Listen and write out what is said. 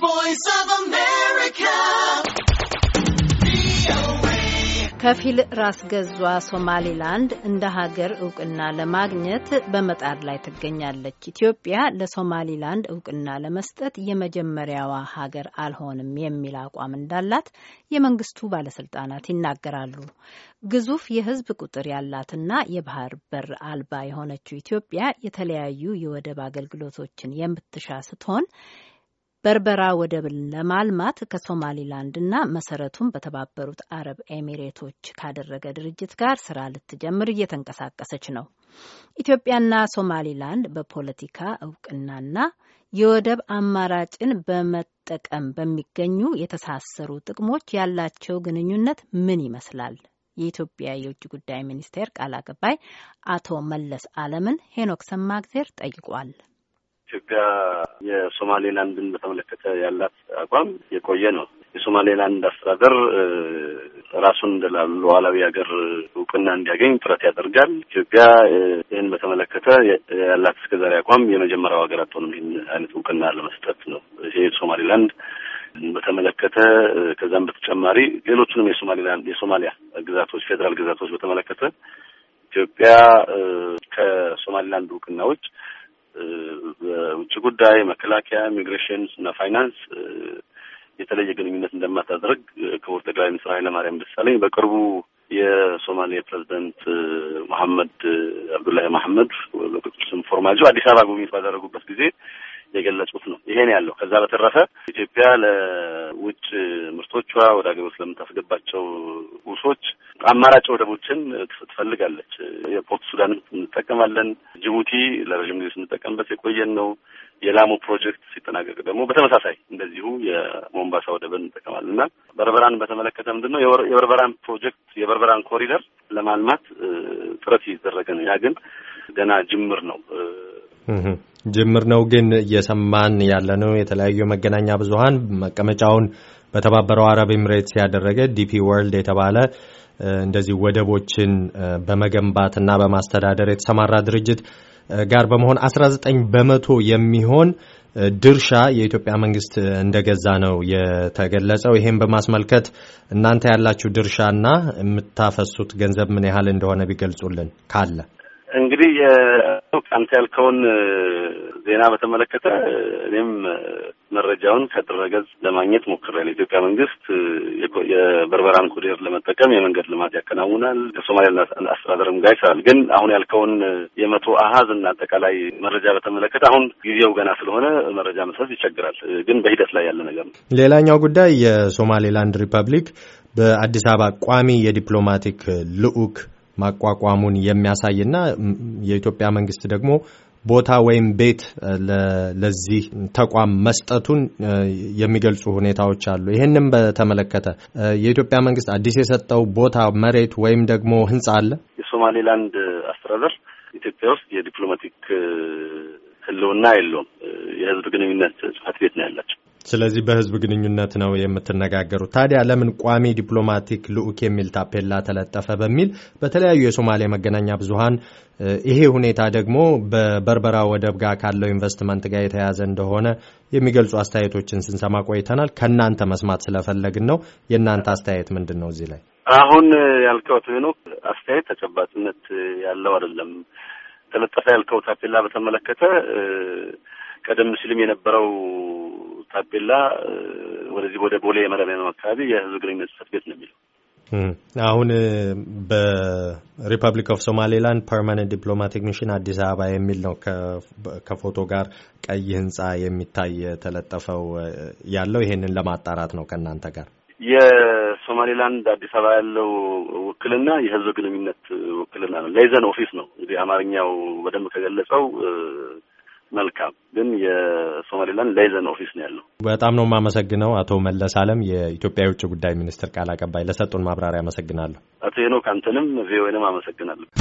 ቮይስ ኦፍ አሜሪካ ከፊል ራስ ገዟ ሶማሊላንድ እንደ ሀገር እውቅና ለማግኘት በመጣር ላይ ትገኛለች። ኢትዮጵያ ለሶማሊላንድ እውቅና ለመስጠት የመጀመሪያዋ ሀገር አልሆንም የሚል አቋም እንዳላት የመንግስቱ ባለስልጣናት ይናገራሉ። ግዙፍ የህዝብ ቁጥር ያላትና የባህር በር አልባ የሆነችው ኢትዮጵያ የተለያዩ የወደብ አገልግሎቶችን የምትሻ ስትሆን በርበራ ወደብን ለማልማት ከሶማሊላንድ እና መሰረቱን በተባበሩት አረብ ኤሚሬቶች ካደረገ ድርጅት ጋር ስራ ልትጀምር እየተንቀሳቀሰች ነው። ኢትዮጵያና ሶማሊላንድ በፖለቲካ እውቅናና የወደብ አማራጭን በመጠቀም በሚገኙ የተሳሰሩ ጥቅሞች ያላቸው ግንኙነት ምን ይመስላል? የኢትዮጵያ የውጭ ጉዳይ ሚኒስቴር ቃል አቀባይ አቶ መለስ አለምን ሄኖክ ሰማግዜር ጠይቋል። ኢትዮጵያ የሶማሌላንድን በተመለከተ ያላት አቋም የቆየ ነው። የሶማሌላንድ አስተዳደር ራሱን እንደላሉ ሉዓላዊ ሀገር እውቅና እንዲያገኝ ጥረት ያደርጋል። ኢትዮጵያ ይህን በተመለከተ ያላት እስከዛሬ አቋም የመጀመሪያው ሀገር አትሆንም ይህን አይነት እውቅና ለመስጠት ነው። ይሄ ሶማሌላንድ በተመለከተ ከዛም በተጨማሪ ሌሎቹንም የሶማሌላንድ የሶማሊያ ግዛቶች ፌዴራል ግዛቶች በተመለከተ ኢትዮጵያ ከሶማሌላንድ እውቅና ውጭ በውጭ ጉዳይ፣ መከላከያ፣ ኢሚግሬሽን እና ፋይናንስ የተለየ ግንኙነት እንደማታደርግ ክቡር ጠቅላይ ሚኒስትር ኃይለማርያም ደሳለኝ በቅርቡ የሶማሌ ፕሬዚደንት መሐመድ አብዱላሂ መሐመድ በቅጽል ስም ፎርማጆ አዲስ አበባ ጉብኝት ባደረጉበት ጊዜ የገለጹት ነው። ይሄን ያለው ከዛ በተረፈ ኢትዮጵያ ለውጭ ምርቶቿ ወደ ሀገር ውስጥ ለምታስገባቸው ውሶች አማራጭ ወደቦችን ትፈልጋለች። የፖርት ሱዳን እንጠቀማለን። ጅቡቲ ለረዥም ጊዜ ስንጠቀምበት የቆየን ነው። የላሙ ፕሮጀክት ሲጠናቀቅ ደግሞ በተመሳሳይ እንደዚሁ የሞምባሳ ወደብን እንጠቀማለን እና በርበራን በተመለከተ ምንድን ነው የበርበራን ፕሮጀክት የበርበራን ኮሪደር ለማልማት ጥረት እየተደረገ ነው። ያ ግን ገና ጅምር ነው ጅምር ነው ግን እየሰማን ነው። የተለያዩ የመገናኛ ብዙኃን መቀመጫውን በተባበረው አረብ ኤምሬትስ ያደረገ ዲፒ ወርልድ የተባለ እንደዚህ ወደቦችን በመገንባትና በማስተዳደር የተሰማራ ድርጅት ጋር በመሆን 19 በመቶ የሚሆን ድርሻ የኢትዮጵያ መንግስት እንደገዛ ነው የተገለጸው። ይህም በማስመልከት እናንተ ያላችሁ ድርሻና የምታፈሱት ገንዘብ ምን ያህል እንደሆነ ቢገልጹልን ካለ። እንግዲህ አንተ ያልከውን ዜና በተመለከተ እኔም መረጃውን ከድረገጽ ለማግኘት ሞክራል። የኢትዮጵያ መንግስት የበርበራን ኮሪደር ለመጠቀም የመንገድ ልማት ያከናውናል፣ ከሶማሌላንድ አስተዳደርም ጋር ይሰራል። ግን አሁን ያልከውን የመቶ አሀዝ እና አጠቃላይ መረጃ በተመለከተ አሁን ጊዜው ገና ስለሆነ መረጃ መስጠት ይቸግራል። ግን በሂደት ላይ ያለ ነገር ነው። ሌላኛው ጉዳይ የሶማሌላንድ ሪፐብሊክ በአዲስ አበባ ቋሚ የዲፕሎማቲክ ልዑክ ማቋቋሙን የሚያሳይና የኢትዮጵያ መንግስት ደግሞ ቦታ ወይም ቤት ለዚህ ተቋም መስጠቱን የሚገልጹ ሁኔታዎች አሉ። ይህንም በተመለከተ የኢትዮጵያ መንግስት አዲስ የሰጠው ቦታ መሬት ወይም ደግሞ ህንፃ አለ። የሶማሌላንድ አስተዳደር ኢትዮጵያ ውስጥ የዲፕሎማቲክ ህልውና የለውም። የህዝብ ግንኙነት ጽፈት ቤት ነው ያላቸው። ስለዚህ በህዝብ ግንኙነት ነው የምትነጋገሩት። ታዲያ ለምን ቋሚ ዲፕሎማቲክ ልዑክ የሚል ታፔላ ተለጠፈ? በሚል በተለያዩ የሶማሌ መገናኛ ብዙሃን ይሄ ሁኔታ ደግሞ በበርበራ ወደብ ጋር ካለው ኢንቨስትመንት ጋር የተያያዘ እንደሆነ የሚገልጹ አስተያየቶችን ስንሰማ ቆይተናል። ከእናንተ መስማት ስለፈለግን ነው። የእናንተ አስተያየት ምንድን ነው እዚህ ላይ? አሁን ያልከው ሄኖክ አስተያየት ተጨባጭነት ያለው አይደለም። ተለጠፈ ያልከው ታፔላ በተመለከተ ቀደም ሲልም የነበረው ታፔላ ወደዚህ ወደ ቦሌ የመረሚያ አካባቢ የህዝብ ግንኙነት ጽሕፈት ቤት ነው የሚለው። አሁን በሪፐብሊክ ኦፍ ሶማሌላንድ ፐርማነንት ዲፕሎማቲክ ሚሽን አዲስ አበባ የሚል ነው ከፎቶ ጋር ቀይ ህንጻ የሚታይ የተለጠፈው ያለው። ይሄንን ለማጣራት ነው ከእናንተ ጋር የሶማሌላንድ አዲስ አበባ ያለው ውክልና የህዝብ ግንኙነት ውክልና ነው። ሌዘን ኦፊስ ነው እንግዲህ አማርኛው በደንብ ከገለጸው መልካም ግን የሶማሌላንድ ላይዘን ኦፊስ ነው ያለው። በጣም ነው የማመሰግነው አቶ መለስ አለም የኢትዮጵያ የውጭ ጉዳይ ሚኒስትር ቃል አቀባይ ለሰጡን ማብራሪያ አመሰግናለሁ። አቶ ሄኖክ አንተንም ቪኦኤንም አመሰግናለሁ።